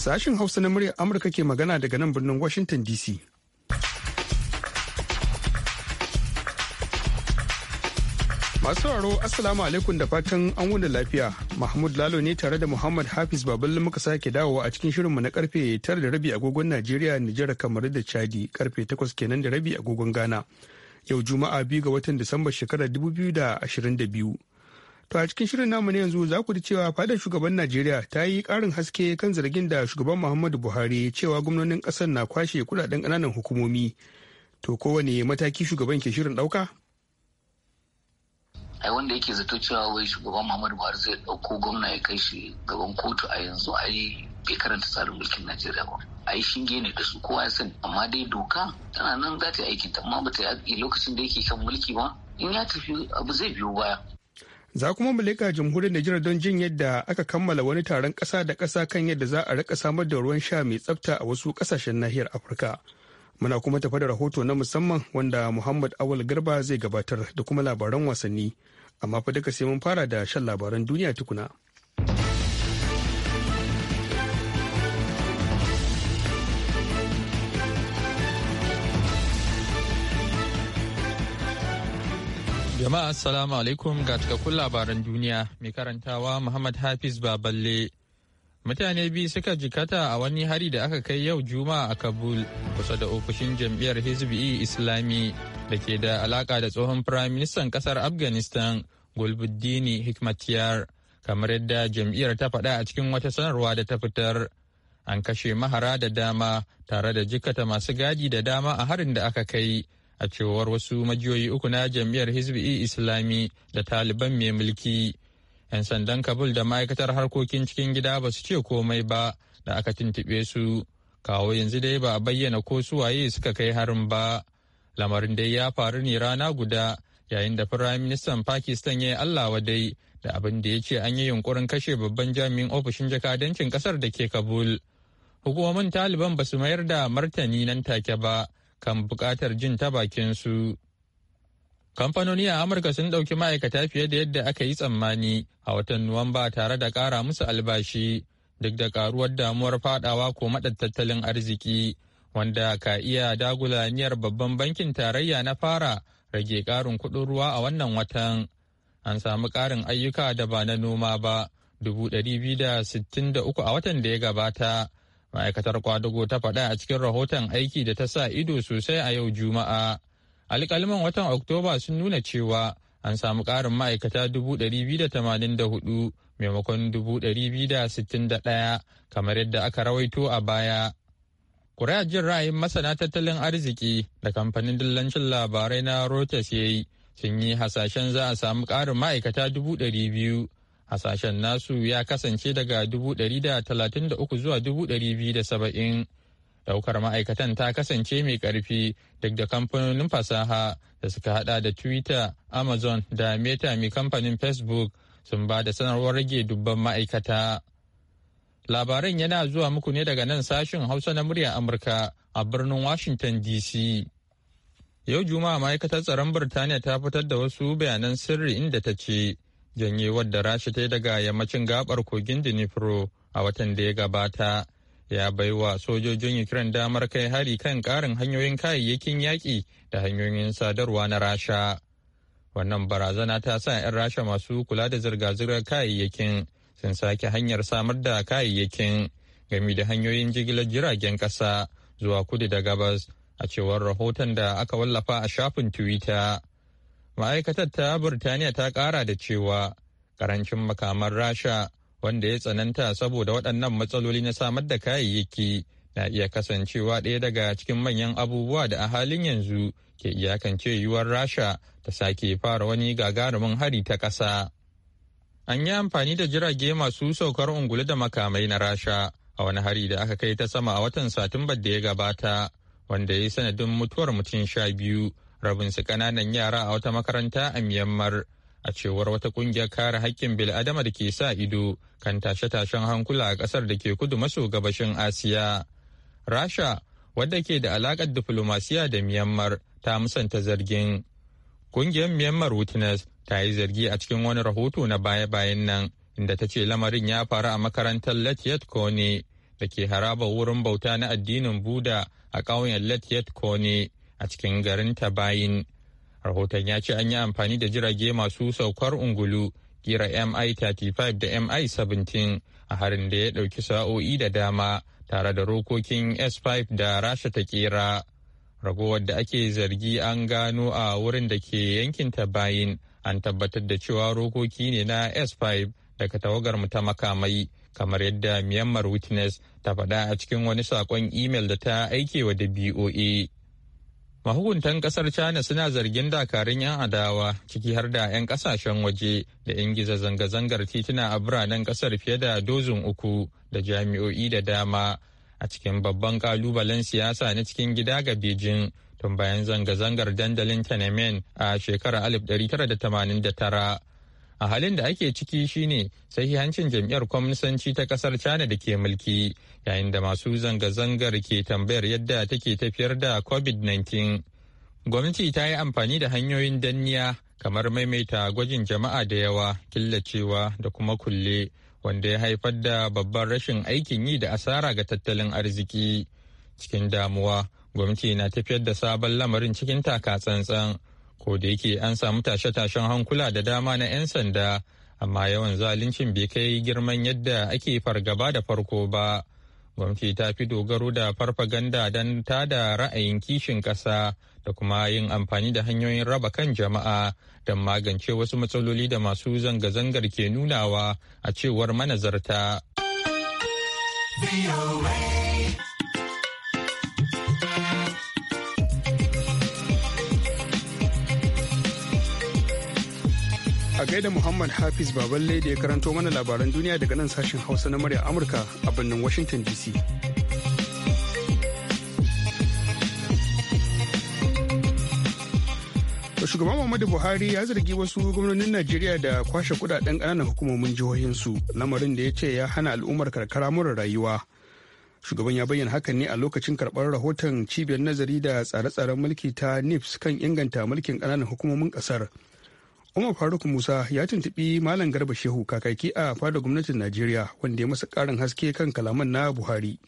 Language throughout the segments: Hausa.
Sashen Hausa na muryar Amurka ke magana daga nan birnin Washington DC. Masu sauraro Assalamu alaikum da fatan an wuni lafiya. Mahmud Lalo ne tare da Muhammad Hafiz Baballe muka sake dawowa a cikin shirinmu na karfe tar da rabi agogon Najeriya, Nijar, kamar da Chadi, karfe takwas kenan da rabi agogon Ghana. Yau Juma'a biyu ga watan Disamba shekarar 2022. To a cikin shirin namu ne yanzu za ku ji cewa fadar shugaban Najeriya ta yi ƙarin haske kan zargin da shugaban Muhammadu Buhari cewa gwamnonin ƙasar na kwashe kudaden ƙananan hukumomi. To kowane mataki shugaban ke shirin ɗauka? Ai wanda yake zato cewa wai shugaban Muhammadu Buhari zai ɗauko gwamna ya kai shi gaban kotu a yanzu ai bai karanta tsarin mulkin Najeriya ba. A yi shinge ne da su kowa ya sani amma dai doka tana nan za ta yi aikinta amma ba ta yi lokacin da yake kan mulki ba in ya tafi abu zai biyo baya. za kuma mu leƙa jamhuriyar Nijar don jin yadda aka kammala wani taron ƙasa da ƙasa kan yadda za a rika samar da ruwan sha mai tsafta a wasu ƙasashen nahiyar Afirka. Muna kuma tafa da rahoto na musamman wanda Muhammad Awal Garba zai gabatar da kuma labaran wasanni, amma fa duka sai mun fara da shan labaran duniya tukuna. Jama'a assalamu alaikum ga cikakkun labaran duniya mai karantawa Muhammad Hafiz Baballe. Mutane biyu suka jikata a wani hari da aka kai yau Juma'a a Kabul kusa da ofishin jam'iyyar Hizbi Islami da ke da alaka da tsohon firaministan kasar Afghanistan Gulbuddini hikmatiyar kamar yadda jam'iyyar ta faɗa a cikin wata sanarwa da ta fitar. An kashe mahara da dama tare da jikata masu gadi da dama a harin da aka kai. a cewar wasu majiyoyi uku na jam'iyyar hizbi islami da taliban mai mulki 'yan sandan kabul da ma'aikatar harkokin cikin gida ba su ce komai ba da aka tuntuɓe su kawo yanzu dai ba a bayyana ko su waye suka kai harin ba lamarin dai ya faru ne rana guda yayin da firaministan pakistan ya yi allah wadai da abin da ya ce an yi yunkurin kashe babban jami'in ofishin jakadancin kasar da ke kabul hukumomin taliban ba su mayar da martani nan take ba kan buƙatar jin ta bakin su. Kamfanoni a Amurka sun ɗauki ma'aikata fiye da yadda aka yi tsammani a watan Nuwamba tare da ƙara musu albashi duk da ƙaruwar damuwar faɗawa ko maɗa tattalin arziki wanda ka iya dagula niyyar babban bankin tarayya na fara rage ƙarin kuɗin ruwa a wannan watan. An samu ƙarin ayyuka da ba na noma ba dubu ɗari biyu da sittin da uku a watan da ya gabata ma'aikatar kwadugo ta faɗa a cikin rahoton aiki da ta sa ido sosai a yau juma'a alƙalman watan oktoba sun nuna cewa an samu ƙarin ma'aikata 284 maimakon sittin ɗaya kamar yadda aka rawaito a baya ƙuri'ar jin ra'ayin masana tattalin arziki da kamfanin dillancin labarai na reuters ya yi sun yi hasashen za a samu ƙarin ma'aikata 200 hasashen nasu ya kasance daga 133 zuwa 270 daukar ma'aikatan ta kasance mai karfi duk da kamfanonin fasaha da suka hada da twitter amazon da meta mai kamfanin facebook sun ba da sanarwar rage dubban ma'aikata labaran yana zuwa muku ne daga nan sashen hausa na murya amurka a birnin washington dc yau juma'a ma'aikatar tsaron birtaniya ta fitar da wasu bayanan sirri inda ta ce janye wadda rasha ta yi daga yammacin gabar kogin dnipro a watan da ya gabata ya bai wa sojojin ukraine damar kai hari kan karin hanyoyin kayayyakin yaƙi da hanyoyin sadarwa na rasha wannan barazana ta sa 'yan rasha masu kula da zirga-zirgar kayayyakin sun sake hanyar samar da kayayyakin gami da hanyoyin jigilar jiragen ƙasa zuwa kudu da gabas a cewar rahoton da aka wallafa a shafin twitter ma'aikatar ta burtaniya ta kara da cewa karancin makaman rasha wanda ya tsananta saboda waɗannan matsaloli na samar da kayayyaki na iya kasancewa ɗaya daga cikin manyan abubuwa da a halin yanzu ke iyakance yiwuwar rasha ta sake fara wani gagarumin hari ta ƙasa an yi amfani da jirage masu saukar ungulu da makamai na rasha a wani hari da aka kai ta sama a watan satumbar da ya gabata wanda ya yi sanadin mutuwar mutum sha biyu rabin su kananan yara a wata makaranta a Myanmar. A cewar wata kungiyar kare haƙƙin bil'adama da ke sa ido kan tashe-tashen hankula a ƙasar da ke kudu maso gabashin Asiya. Rasha, wadda ke da alaƙar diflomasiya da Myanmar, ta musanta zargin. kungiyar Myanmar Witness ta yi zargi a cikin wani rahoto na baya-bayan nan, inda ta ce lamarin ya faru a makarantar Latiat Kone da ke haraba wurin bauta na addinin Buda a ƙauyen latyet Kone. a cikin garin Tabayin. Rahoton ya ce an yi amfani da jirage masu saukar ungulu gira MI-35 da MI-17 a harin da ya ɗauki sa'o'i da dama tare da rokokin S-5 da Rasha ta kera. Ragowar da ake zargi an gano a wurin da ke yankin Tabayin an tabbatar da cewa rokoki ne na S-5 daga tawagar mu ta makamai kamar yadda Myanmar Witness ta faɗa a cikin wani saƙon imel da ta aike wa da BOA. Mahukuntan kasar China suna zargin dakarun 'yan adawa ciki har da 'yan kasashen waje da ingiza zanga-zangar tituna a biranen kasar fiye da dozin uku da jami'o'i da dama a cikin babban kalubalen siyasa na cikin gida ga Beijing tun bayan zanga-zangar dandalin Tiananmen a shekarar 1989. a halin da ake ciki shine sahihancin jam'iyyar kwamnisanci ta kasar china da ke mulki yayin da masu zanga-zangar ke tambayar yadda take tafiyar da covid-19 gwamnati ta yi amfani da hanyoyin danniya kamar maimaita gwajin jama'a da yawa killacewa da kuma kulle wanda ya haifar da babban rashin aikin yi da asara ga tattalin arziki cikin damuwa gwamnati na tafiyar da sabon lamarin cikin taka tsantsan ko da yake an samu tashe-tashen hankula da dama na 'yan sanda amma yawan zaluncin bai kai girman yadda ake fargaba da farko ba gwamnati ta fi dogaro da farfaganda don da ra'ayin kishin ƙasa da kuma yin amfani da hanyoyin raba kan jama'a don magance wasu matsaloli da masu zanga-zangar ke nunawa a cewar manazarta. A gaida Muhammad Hafiz Baballe da ya karanto mana labaran duniya daga nan sashen Hausa na murya Amurka a birnin Washington DC. shugaban muhammadu buhari ya zargi wasu gwamnonin najeriya da kwashe kudaden ƙananan hukumomin jihohin su lamarin da ya ce ya hana al'ummar karkara mura rayuwa shugaban ya bayyana hakan ne a lokacin karɓar rahoton cibiyar nazari da tsare-tsaren mulki ta nips kan inganta mulkin ƙananan hukumomin ƙasar umar faruk musa ya tuntubi malam garba shehu kakaki a fada gwamnatin najeriya wanda ya masa karin haske kan kalaman na buhari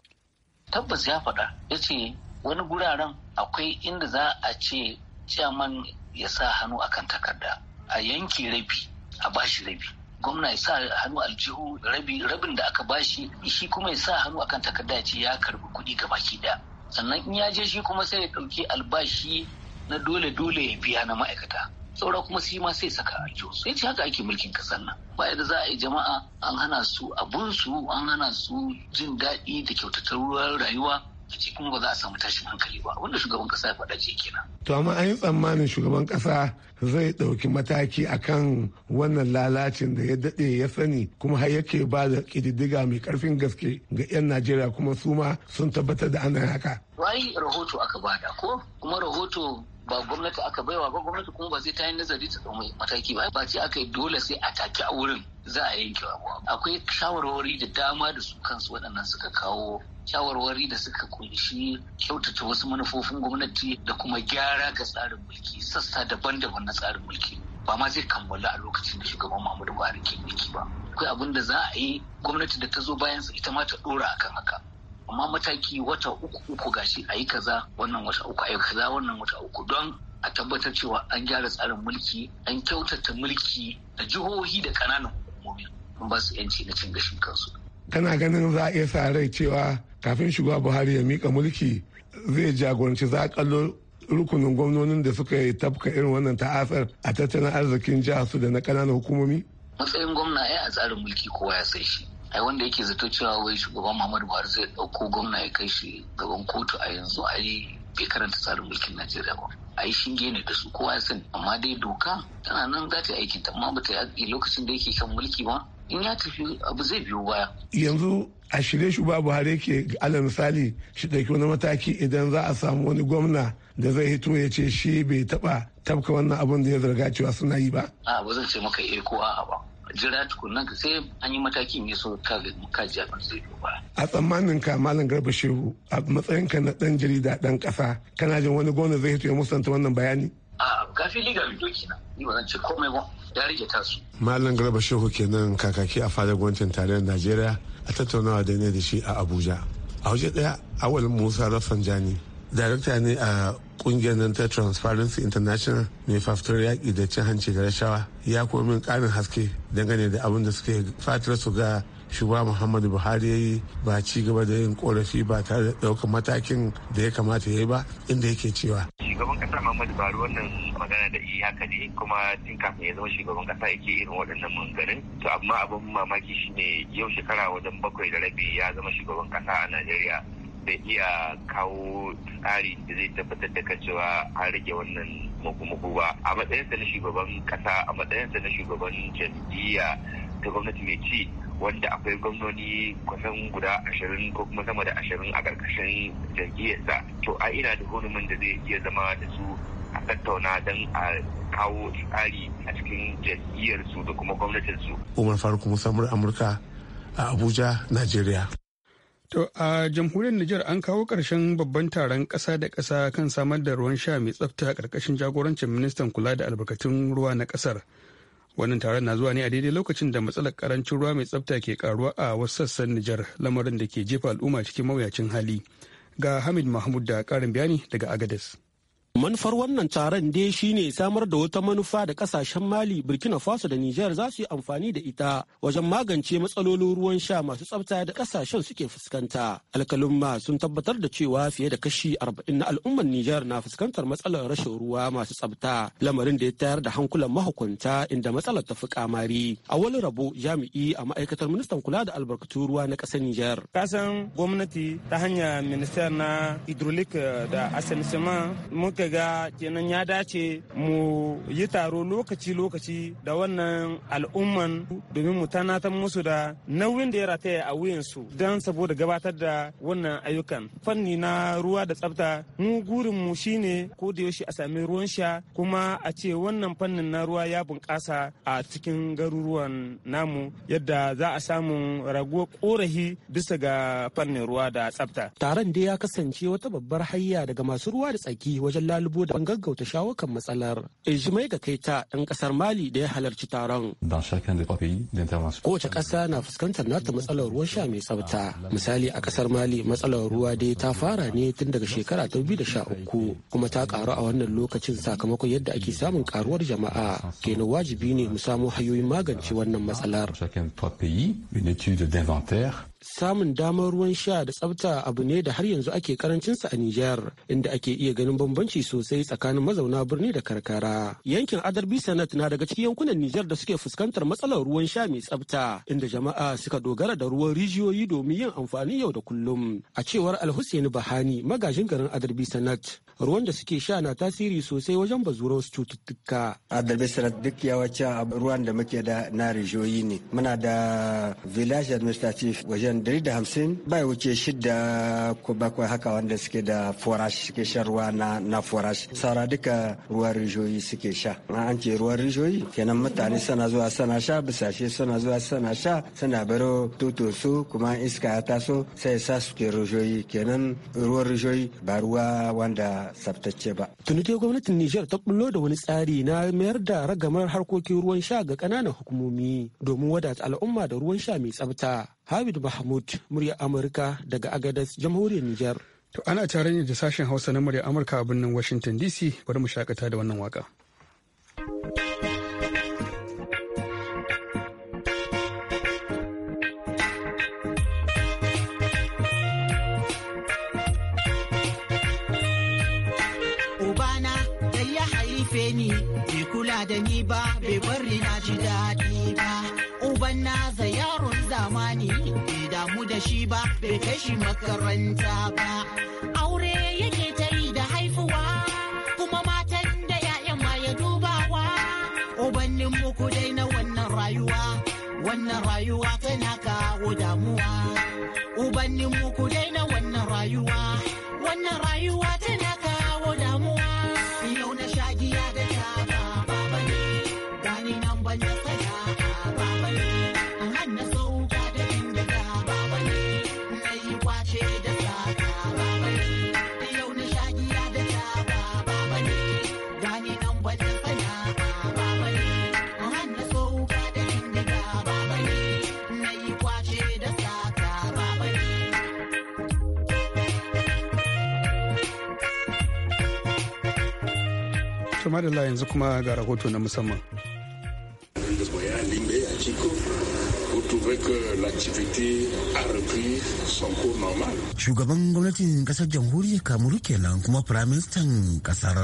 tabbas ya faɗa ya ce wani guraren akwai inda za a ce ciyaman ya sa hannu akan takarda a yanki rabi a bashi rabi gwamna ya sa hannu aljihu rabi rabin da aka bashi shi kuma ya sa hannu akan takarda ya ce ya karbi kuɗi ga baki ɗaya sannan in ya je shi kuma sai ya ɗauki albashi na dole dole ya biya na ma'aikata saura kuma su ma sai saka a jiyo sai ce haka ake mulkin kasar nan ba yadda za a yi jama'a an hana su abun su an hana su jin daɗi da kyautatar rayuwa a cikin ba za a samu tashin hankali ba wanda shugaban kasa ya faɗa ce kenan. to amma an yi tsammanin shugaban kasa zai ɗauki mataki akan wannan lalacin da ya daɗe ya sani kuma har yake ba da ƙididdiga mai ƙarfin gaske ga 'yan najeriya kuma su ma sun tabbatar da ana haka. wai rahoto aka bada ko kuma rahoto ba gwamnati aka baiwa ba gwamnati kuma ba zai ta yi nazari ta tsaumai mataki ba ba ce aka yi dole sai a taki a wurin za a yanke wa. akwai shawarwari da dama da su kansu waɗannan suka kawo shawarwari da suka kunshi kyautata wasu manufofin gwamnati da kuma gyara ga tsarin mulki sassa daban-daban na tsarin mulki ba ma zai kammala a lokacin da shugaban Muhammadu Buhari ke mulki ba akwai abin da za a yi gwamnati da ta zo bayan ita ma ta dora akan haka amma mataki wata uku uku gashi a yi kaza wannan wata uku a yi kaza wannan wata uku don a tabbatar cewa an gyara tsarin mulki an kyautata mulki a jihohi da kananan hukumomi an ba su yanci na cin gashin kansu. kana ganin za a iya sa rai cewa kafin shugaba buhari ya mika mulki zai jagoranci za kallo rukunin gwamnonin da suka yi tafka irin wannan ta'asar a tattalin arzikin jihar su da na kananan hukumomi. matsayin gwamna ya a tsarin mulki kowa ya sai shi ai wanda yake zato cewa wai shugaban muhammadu buhari zai ɗauko gwamna ya kai shi gaban kotu a yanzu ai bai karanta tsarin mulkin najeriya ba a yi shinge ne da su kowa ya sani amma dai doka tana nan za ta aikinta amma ba ta yi lokacin da yake kan mulki ba in ya tafi abu zai biyo baya yanzu a shirye shi ba buhari yake Alan misali shi ɗauki wani mataki idan za a samu wani gwamna da zai hito ya ce shi bai taɓa tafka wannan abin da ya zarga cewa suna yi ba. a ba zan ce maka eh ko a'a ba jira tukunan sai an yi mataki ne so ka ji abin zai ba. A tsammanin ka Malam Garba Shehu a matsayin ka na dan jarida dan kasa kana jin wani gwamna zai hito ya musanta wannan bayani? A gafi liga mai doki ni ba zan ce komai ba ya rage tasu. Malam Garba Shehu kenan kakaki a fadar gwamnatin tarayyar Najeriya a tattaunawa da ne da shi a Abuja. A waje daya awal Musa Rafsanjani darakta ne a kungiyar nan ta transparency international mai faftar yaƙi da cin hanci da rashawa ya kuma min ƙarin haske dangane da abin da suke fatar su ga shugaba muhammadu buhari ya ba ci gaba da yin korafi ba tare da ɗaukar matakin da ya kamata ya yi ba inda yake cewa shugaban kasa muhammadu buhari wannan magana da iya haka ne kuma tun kafin ya zama shugaban kasa yake irin waɗannan manganin to amma abin mamaki shine yau shekara wajen bakwai da rabi ya zama shugaban kasa a najeriya da iya kawo tsari da zai tabbatar da kan cewa an rage wannan mugu-mugu ba a matsayinsa na shugaban kasa a matsayinsa na shugaban jam'iyya ta gwamnati mai ci wanda akwai gwamnoni kusan guda ashirin ko kuma sama da ashirin a ƙarƙashin jam'iyyarsa to a ina da hurumin da zai iya zama da su a tattauna don a kawo tsari a cikin jam'iyyarsu da kuma gwamnatinsu. Umar Faruk Musa Amurka a Abuja, Najeriya. To a jamhuriyar Nijar an kawo ƙarshen babban taron ƙasa da ƙasa kan samar da ruwan sha mai tsafta a ƙarƙashin jagorancin ministan kula da albarkatun ruwa na ƙasar. Wannan taron na zuwa ne a daidai lokacin da matsalar ƙarancin ruwa mai tsafta ke karuwa a wasu sassan Nijar lamarin da ke jefa al'umma cikin mawuyacin hali. Ga Hamid Mahmud da ƙarin bayani daga Agadez. Manufar wannan taron dai shine samar da wata manufa da kasashen Mali, Burkina Faso da Nijar za su yi amfani da ita wajen magance matsalolin ruwan sha masu tsafta da kasashen suke fuskanta. Alkalumma sun tabbatar da cewa fiye da kashi 40 na al'ummar Nijar na fuskantar matsalar rashin ruwa masu tsafta, lamarin da ya tayar da hankulan mahukunta inda matsalar ta fi kamari. A wani rabo jami'i a ma'aikatar ministan kula da albarkatu ruwa na ƙasar Nijar. Kasan gwamnati ta hanya minister na hydraulic eh, da assainissement muka ga kenan ya dace mu yi taro lokaci-lokaci da wannan al'umman domin mu tanatar musu da nauyin da ya rataya a wuyansu don saboda gabatar da wannan ayyukan fanni na ruwa da tsafta mu gurin mu shine ko da yaushe a sami ruwan sha kuma a ce wannan fannin na ruwa ya bunƙasa a cikin garuruwan namu yadda za a samu raguwar korafi bisa ga fannin ruwa da tsafta taron dai ya kasance wata babbar hayya daga masu ruwa da tsaki wajen lalubo da gaggauta shawo kan matsalar. Ijimai ga kaita ɗan ƙasar Mali da ya halarci taron. Kowace ƙasa na fuskantar nata matsalar ruwan sha mai tsafta. Misali a ƙasar Mali matsalar ruwa dai ta fara ne tun daga shekara ta biyu da sha uku kuma ta ƙaru a wannan lokacin sakamakon yadda ake samun ƙaruwar jama'a. Kenan wajibi ne mu samo hanyoyin magance wannan matsalar. samun damar ruwan sha da tsabta abu ne da har yanzu ake karancinsa a Nijar inda ake iya ganin bambanci sosai tsakanin mazauna birni da karkara. Yankin Adarbi Sanat na daga cikin yankunan Nijar da suke fuskantar matsalar ruwan sha mai tsabta, inda jama'a suka dogara da ruwan rijiyoyi domin yin amfani yau da kullum. A cewar Alhussein Bahani magajin garin Adarbi Sanat ruwan da suke sha na tasiri sosai wajen bazuwar wasu cututtuka. Adarbi Sanat duk ya wace ruwan da muke da na rijiyoyi ne. Muna da village administrative wajen miliyan 150 da hamsin bai wuce shida ko bakwai haka wanda suke da forash suke shan ruwa na, na forash saura duka ruwan rijiyoyi suke sha an ce ruwan rijiyoyi kenan mutane suna zuwa sana sha bisashe suna zuwa sana sha suna baro toto su kuma iska ya taso sai sa suke rijiyoyi kenan ruwan rijiyoyi ba ruwa wanda tsabtacce ba tunike gwamnatin nijar ta bullo da wani tsari na mayar da ragamar harkokin ruwan sha ga ƙananan hukumomi domin wadata al'umma da ruwan sha mai tsabta Habib Mahmud, murya Amurka daga Agadez, Jamhuriyar Nijar. To ana tarayyar da sashen Hausa na murya Amurka a birnin Washington DC, bari mu shakata da wannan waka. Ubana da ya haife ni, bai kula da ni ba bai kai shi makaranta ba aure yake ta yi da haifuwa kuma matan da ya'yan ma ya dubawa ubannin muku dai na wannan rayuwa wannan rayuwa tana kawo damuwa ubannin muku dai na wannan rayuwa wannan rayuwa tana madalla yanzu kuma ga rahoto na musamman. l'activité a repris son cours normal. Shugaban gwamnatin kasar jamhuriyar Kamuru kenan kuma firaministan kasar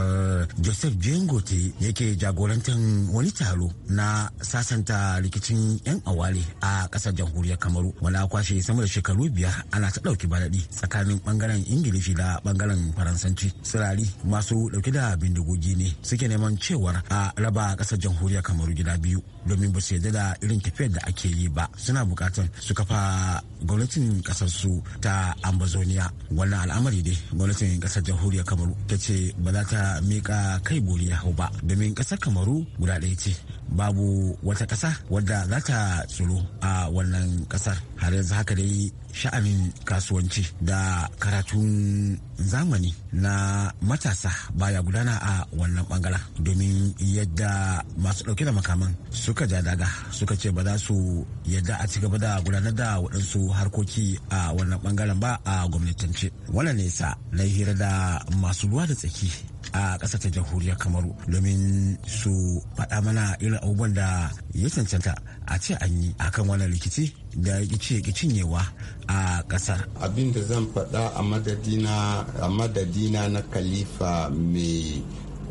Joseph Jengote yake jagorantar wani taro na sasanta rikicin 'yan awale a kasar jamhuriyar Kamaru. Wala kwashe sama da shekaru biyar ana ta ɗauki baladi tsakanin bangaren Ingilishi da bangaren Faransanci. Sirari masu ɗauke da bindigogi ne suke neman cewar a raba kasar jamhuriyar Kamaru gida biyu domin ba su yarda da irin tafiyar da ake yi ba suna buƙatar su kafa gwamnatin kasar su ta ambazonia wannan al'amari ne. gwamnatin kasar jamhuriyar kamaru ta ce ba za ta miƙa kai bori ya hau ba domin kasar kamaru guda ɗaya ce babu wata ƙasa wadda za ta tsiro a wannan ƙasar har yanzu haka dai sha'anin kasuwanci da karatun zamani na matasa baya gudana a wannan bangaren domin yadda masu ɗauke da makaman suka ja daga suka ce ba za su yadda a ci gaba da gudanar da waɗansu harkoki a wannan bangaren ba a gwamnatance wannan nesa na hira da masu ruwa da tsaki a ƙasar ta jamhuriyar kamaru domin su faɗa mana irin abubuwan da ya cancanta a ce an yi a kan wani rikici da ya ki cinyewa a ƙasar. abin da zan faɗa a madadina na kalifa mai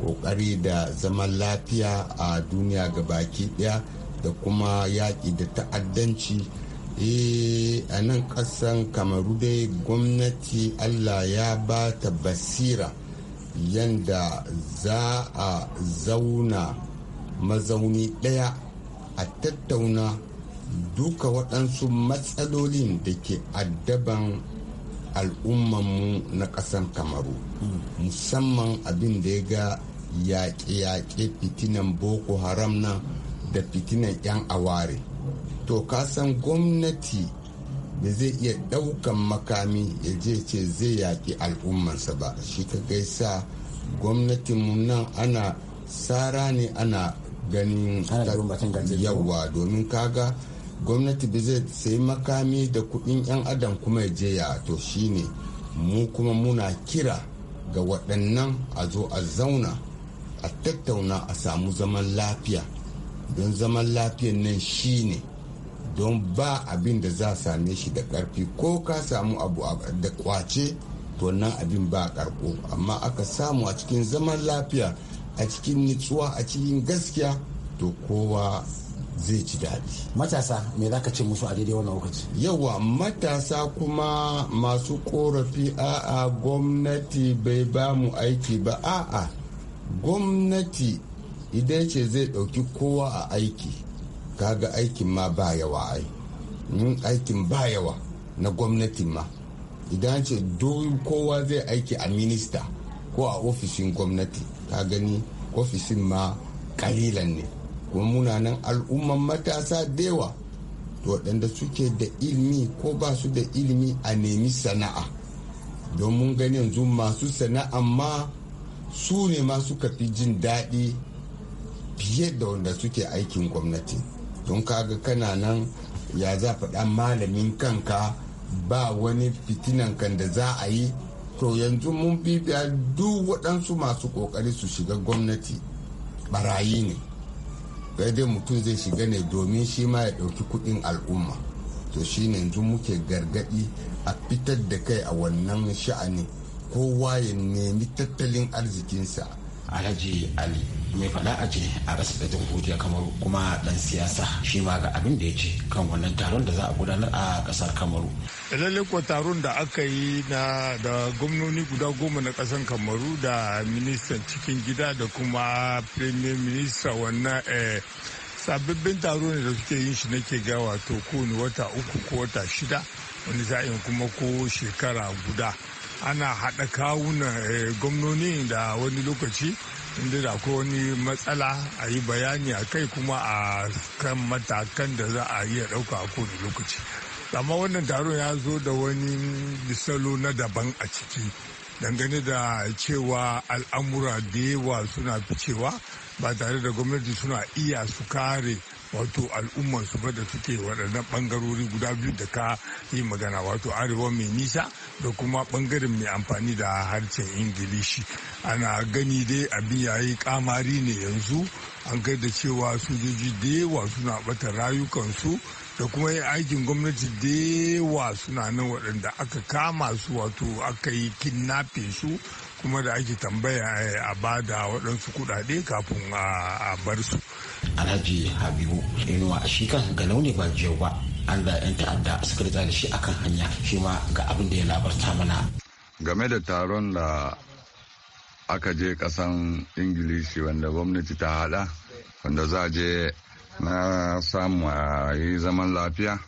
ƙoƙari da zaman lafiya a duniya ga baki ɗaya da kuma yaƙi da ta'addanci eh, a nan ƙasan kamaru dai gwamnati allah ya ba ta basira yanda za a zauna mazauni ɗaya a tattauna duka waɗansu matsalolin da ke addaban al'ummanmu na ƙasar kamaru musamman abin da ya ga yaƙe-yaƙe fitinan boko haram nan da fitinan 'yan aware to kasan gwamnati da zai iya ɗaukan makami ya je ce zai yaƙi al'ummarsa ba shi ka gaisa gwamnatinmu nan ana tsara ne ana ganin yawa domin kaga gwamnati ba zai sai makami da kuɗin 'yan adam kuma ya je ya to ne mu kuma muna kira ga waɗannan a zo a zauna a tattauna a samu zaman lafiya don zaman lafiyan nan shi ne don ba abin da za same shi da karfi ko ka samu abu da kwace to nan abin ba karko amma aka samu a cikin zaman lafiya a cikin nutsuwa a cikin gaskiya to kowa zai ci daɗi. Matasa me za ka ce musu a daidai wannan lokaci? Yawa matasa kuma masu korafi a'a gwamnati bai ba mu aiki ba a'a gwamnati idan ce zai ɗauki kowa a aiki kaga aikin ma ba yawa ai mun aikin ba yawa na gwamnati ma idan ce kowa zai aiki a minista ko a ofishin gwamnati ka gani ofishin ma kalilan ne kuma muna nan al'umman matasa dewa waɗanda suke da ilimi ko ba su da ilimi a nemi sana'a don mun gani yanzu masu sana'a ma su ne ma suka fi jin daɗi fiye da wanda suke aikin gwamnati. don kaga kana nan ya za faɗa malamin kanka ba wani fitinan kan da za a yi to yanzu mun bibiya duk waɗansu masu ƙoƙari su shiga gwamnati barayi ne dai mutum zai shiga ne domin shi ma ya ɗauki kuɗin al'umma to shi ne yanzu muke gargaɗi a fitar da kai a wannan sha'ani kowa ya nemi tattalin arzikinsa alhaji ali mai faɗa a ce a rasa da jamhuriya kamar kuma dan siyasa shi ma ga abin da ya ce kan wannan taron da za a gudanar a kasar kamaru lalle ko taron da aka yi na da gwamnoni guda goma na kasar kamaru da ministan cikin gida da kuma premier minister wannan eh, sababbin taro ne da suke yin shi nake ga wato kowane wata uku ko wata shida wani za'in kuma ko shekara guda ana haɗa kawunan eh, gwamnoni da wani lokaci inda da ko wani matsala a yi bayani a kai kuma a kan matakan da za a iya ɗauka a kowane lokaci amma wannan taron ya zo da wani misalo na daban a ciki dangane da cewa al'amura da yawa suna ficewa ba tare da gwamnati suna iya su kare wato al'ummarsu ba da suke waɗannan ɓangarori guda biyu da ka yi magana wato arewa mai nisa da kuma bangaren mai amfani da harshen ingilishi ana gani dai abin yayi kamari ne yanzu an kai da cewa sojoji da yawa suna bata rayukansu da kuma yin aikin gwamnati da yawa suna nan waɗanda aka kama su wato aka yi kinnafe su kuma da ake tambaya eh, a bada waɗansu kuɗaɗe kafin a bar su. Alhaji Habibu Inuwa shi kan ga launi ba jiyau ba an da 'yan ta'adda suka da shi akan hanya shi ma ga abin da ya labarta mana game da taron da aka je kasan ingilishi wanda gwamnati ta hada wanda za je na samu a yi zaman lafiya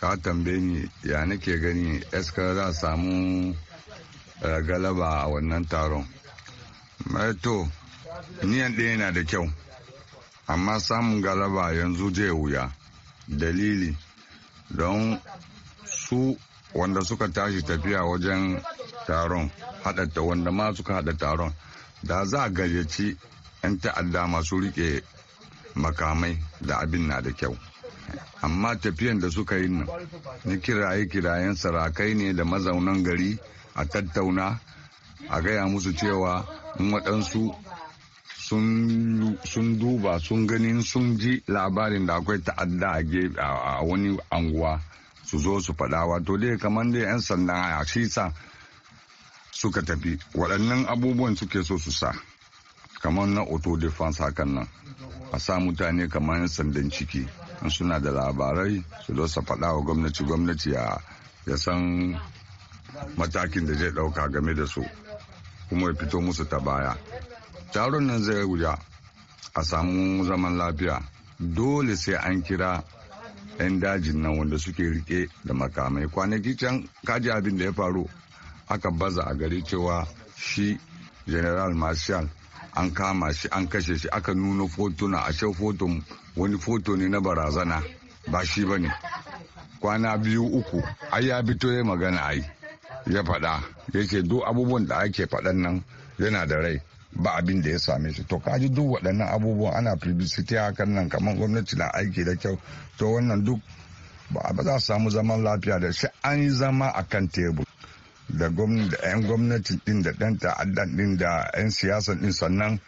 ka tambaye ni ya nake gani eskar za samu eh, galaba a wannan taron eh, to niyan ɗaya yana da kyau amma samun galaba yanzu zai wuya dalili don su wanda suka tashi tafiya wajen taron haɗata wanda ma suka haɗa taron da za a gayyaci 'yan ta'adda masu rike makamai da abin na da kyau amma tafiyan da suka yi nan na kiraye kirayen sarakai ne da mazaunan gari a tattauna a gaya musu cewa in waɗansu sun duba sun ganin sun ji labarin da akwai ta'adda a wani anguwa su zo su faɗawa to dai kamar dai 'yan sandan a shi suka tafi waɗannan abubuwan suke so su sa kamar na auto defense hakan nan a sa mutane kamar 'yan sandan ciki in suna da labarai su zo su faɗa wa gwamnati gwamnati ya san matakin da zai ɗauka game da su kuma ya fito musu ta baya taron nan zai guda a samu zaman lafiya dole sai an kira 'yan dajin nan wanda suke rike da makamai kwanaki can kaji abin da ya faru aka baza a gari cewa shi general marshal an kama shi an kashe shi aka nuna fotuna a shi foton wani foto ne na barazana ba shi ba ne kwana biyu uku ai ya fito ya magana ai ya faɗa ya ce duk abubuwan da ake faɗan nan yana da rai ba abin da ya same shi to kaji duk waɗannan abubuwan ana publicity hakan nan kamar gwamnati na aiki da kyau to wannan duk ba za su samu zaman lafiya da shi an yi zama a kan tebur da 'yan gwamnati din da ɗan ta'addan din da 'yan siyasa din sannan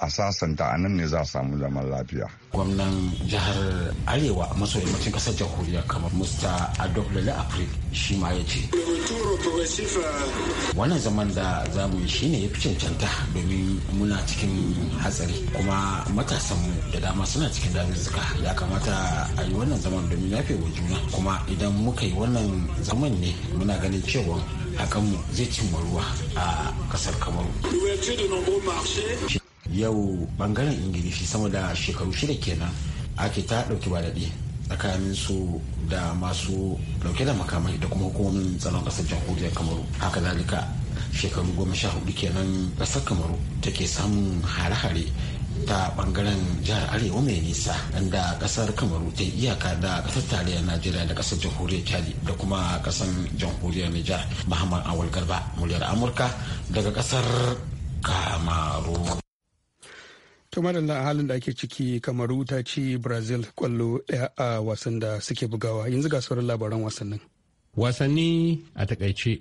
a sasanta a nan ne za a samu zaman lafiya. Gwamnan jihar Arewa maso yammacin kasar jamhuriyar kamar Musta adolale Lale Afrik shi ma ya ce. Wannan zaman da mu yi shi ne ya fi cancanta domin muna cikin hatsari kuma matasanmu da dama suna cikin dazuzzuka ya kamata a yi wannan zaman domin yafe wa juna kuma idan muka yi wannan zaman ne muna ganin cewa hakanmu zai cimma ruwa a kasar kamaru. yau bangaren ingilishi sama da shekaru shida kenan ake ta ɗauki ba daɗe tsakanin su da masu dauke da makamai da kuma hukumomin tsaron ƙasar jamhuriyar kamaru haka zalika shekaru goma sha hudu kenan ƙasar kamaru take samun hare-hare ta bangaren jihar arewa mai nisa inda kasar kamaru ta iyaka da kasar tarayyar najeriya da kasar jamhuriyar chadi da kuma kasar jamhuriyar niger muhammad awal garba muryar amurka daga kasar kamaru to madalla a halin da ake ciki kamaru ta ci brazil kwallo daya a wasan da suke bugawa yanzu ga sauran labaran wasannin wasanni a takaice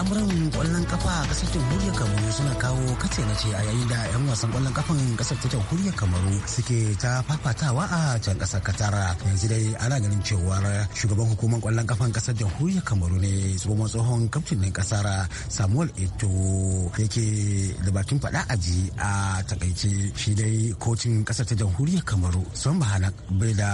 al'amuran kwallon kafa a kasar jamhuriyar kamaru suna kawo kace na ce a yayin da 'yan wasan kwallon kafan kasar ta jamhuriyar kamaru suke ta fafatawa a can kasar katara yanzu dai ana ganin cewa shugaban hukumar kwallon kafan kasar jamhuriyar kamaru ne tsohon tsohon kaftin din kasar samuel eto yake da bakin faɗa aji a takaice shi dai kocin kasar ta jamhuriyar kamaru son bahanak bai da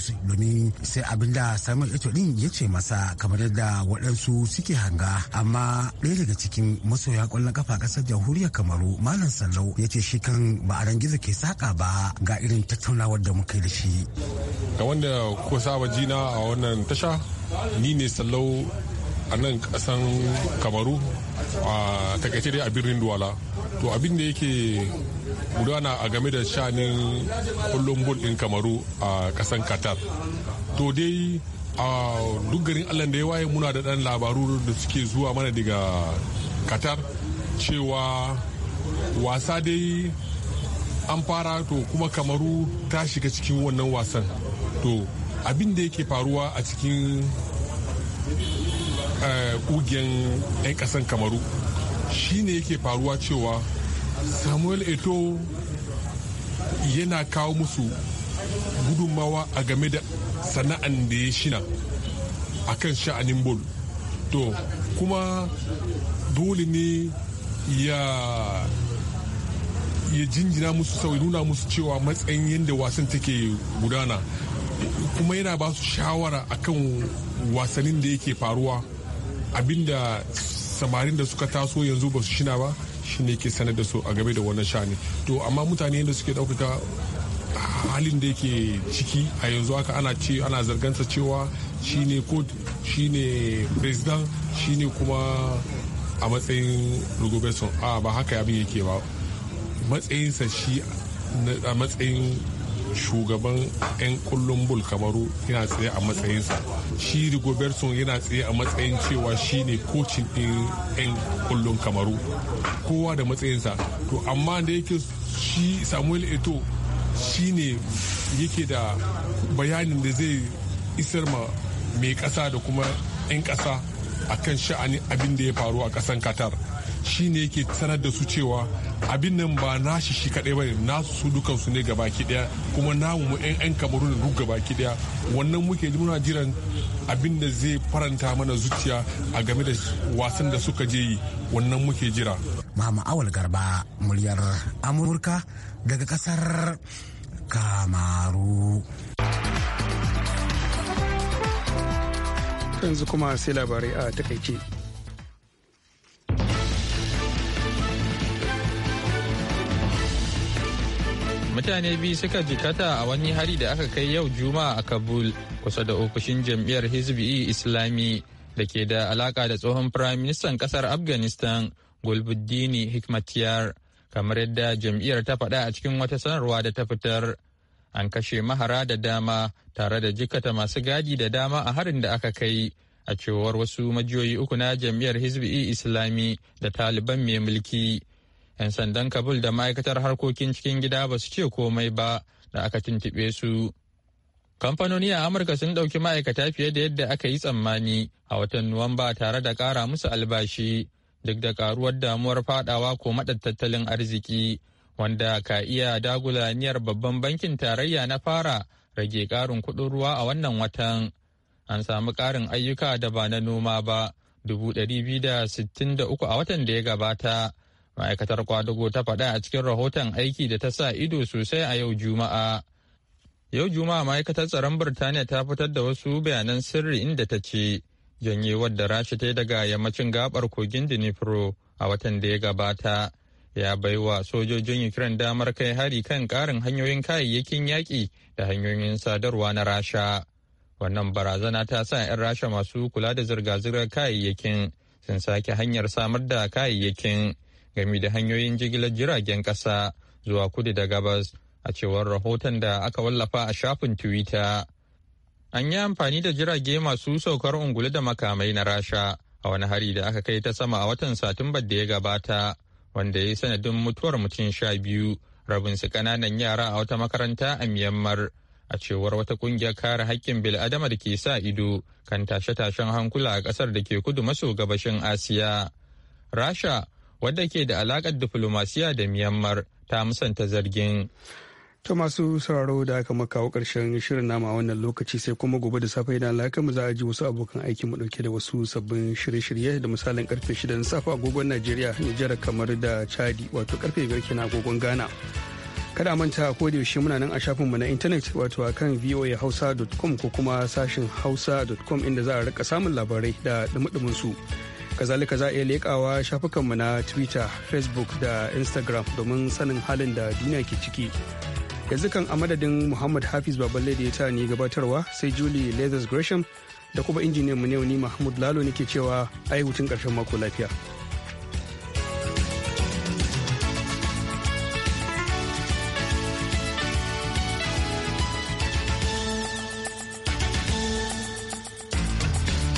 su domin sai abinda samuel eto din ya ce masa kamar yadda waɗansu suke hanga a amma ɗaya daga cikin masoya ƙwallon kafa ƙasar jamhuriyar kamaru malam sallau ya ce shi kan ba a rangiza ke saƙa ba ga irin tattaunawar da muka yi da shi ga wanda ko saba jina a wannan tasha ni ne sallau a nan kasan kamaru a takaice dai a birnin duwala to abin da yake gudana a game da shanin kullum bul din kamaru a ƙasar qatar to dai a duk garin allah da ya waye muna da dan labaru da suke zuwa mana daga qatar cewa wasa dai an fara to kuma kamaru ta shiga cikin wannan wasan to abin da yake faruwa a cikin kugiyan eh, 'yan kasan kamaru shine yake faruwa cewa samuel eto yana kawo musu gudunmawa a game da sana'an da ya shina a kan sha'anin bol to kuma dole ne ya ya jinjina musu sau nuna musu cewa matsayin yadda wasan take gudana kuma yana ba su shawara kan wasannin da yake faruwa abinda samarin da suka taso yanzu ba su shina ba shine ke sanar da su a game da wannan shani to amma mutane da suke ɗaukaka halin da yake ciki a yanzu haka ana ce ana zargansa cewa shine shi shine president shine kuma a matsayin rugobeson a ba haka abin yake ba matsayinsa shi a matsayin shugaban 'yan kullum bul kamaru yana tsaye a matsayinsa shi rigobertson yana tsaye a matsayin cewa shi ne kocin din 'yan kullum kamaru kowa da matsayinsa to amma da yake shi samuel eto shine yake da bayanin da zai isar ma mai ƙasa da kuma 'yan ƙasa a kan sha'ani abin da ya faru a kasan qatar ne yake sanar da su cewa abin nan ba nashi shi kadai bane nasu su dukansu ne gabaki daya kuma namu mu 'yan 'yan kamaru da duk gabaki daya wannan muke muna jiran abin da zai faranta mana zuciya a game da wasan da suka je yi wannan muke jira. Mama Awal Garba muryar Amurka daga ƙasar. kamaru yanzu kuma sai labarai a takaice mutane biyu suka jikata a wani hari da aka kai yau juma'a a kabul kusa da ofishin jam'iyyar hizbi islami da ke da alaka da tsohon firaministan kasar afghanistan gulbuddini hikmatiyar kamar yadda jam'iyyar ta faɗa a cikin wata sanarwa da ta fitar an kashe mahara da dama tare da jikata masu gadi da dama a harin da aka kai a cewar wasu majiyoyi uku na jam'iyyar hizbi islami da taliban mai mulki 'yan sandan kabul da ma'aikatar harkokin cikin gida ba su ce komai ba da aka tuntuɓe su kamfanoni a amurka sun ɗauki ma'aikata fiye da yadda aka yi tsammani a watan nuwamba tare da ƙara musu albashi duk da karuwar damuwar fadawa ko maɗa tattalin arziki wanda ka iya dagula niyyar babban bankin tarayya na fara rage karin kuɗin ruwa a wannan watan an samu karin ayyuka da ba na noma ba uku a watan da ya gabata ma'aikatar kwadugo ta faɗa a cikin rahoton aiki da ta sa ido sosai a yau juma'a yau juma'a ma'aikatar tsaron birtaniya ta fitar da wasu bayanan sirri inda ta ce janye wadda rasha ta yi daga yammacin gabar kogin dnipro a watan da ya gabata ya bai wa sojojin ukraine damar kai hari kan karin hanyoyin kayayyakin yaƙi da hanyoyin sadarwa na rasha wannan barazana ta sa 'yan rasha masu kula da zirga-zirgar kayayyakin sun sake hanyar samar da kayayyakin game da hanyoyin jigilar jiragen ƙasa zuwa kudu da gabas a cewar rahoton da aka wallafa a shafin twitter an yi amfani da jirage masu saukar ungulu da makamai na rasha a wani hari da aka kai ta sama a watan satumbar da ya gabata wanda ya yi sanadin mutuwar mutum sha biyu rabin su kananan yara a wata makaranta a myanmar a cewar wata kungiyar kare haƙƙin bil'adama da ke sa ido kan tashe-tashen hankula a ƙasar da ke kudu maso gabashin asiya rasha wadda ke da alaƙar diflomasiya da myanmar ta musanta zargin ta masu sauraro da aka makawo karshen shirin nama wannan lokaci sai kuma gobe da safe idan mu za a ji wasu abokan aiki mu dauke da wasu sabbin shirye-shirye da misalin karfe 6 na safe agogon Najeriya, Nijar kamar da Chadi wato karfe 5 kenan agogon Ghana. Kada manta ko da yaushe muna nan a shafin mu na intanet wato akan voahausa.com ko kuma sashin hausa.com inda za a rika samun labarai da dumudumin su. kazalika za a iya leƙawa shafukanmu na twitter facebook da instagram domin sanin halin da duniya ke ciki yanzu kan a madadin muhammad hafiz baballe da ya ta ni gabatarwa sai julie lathers gresham da kuma injiniyan mu ne ni mahmud lalo ke cewa ai hutun karshen mako lafiya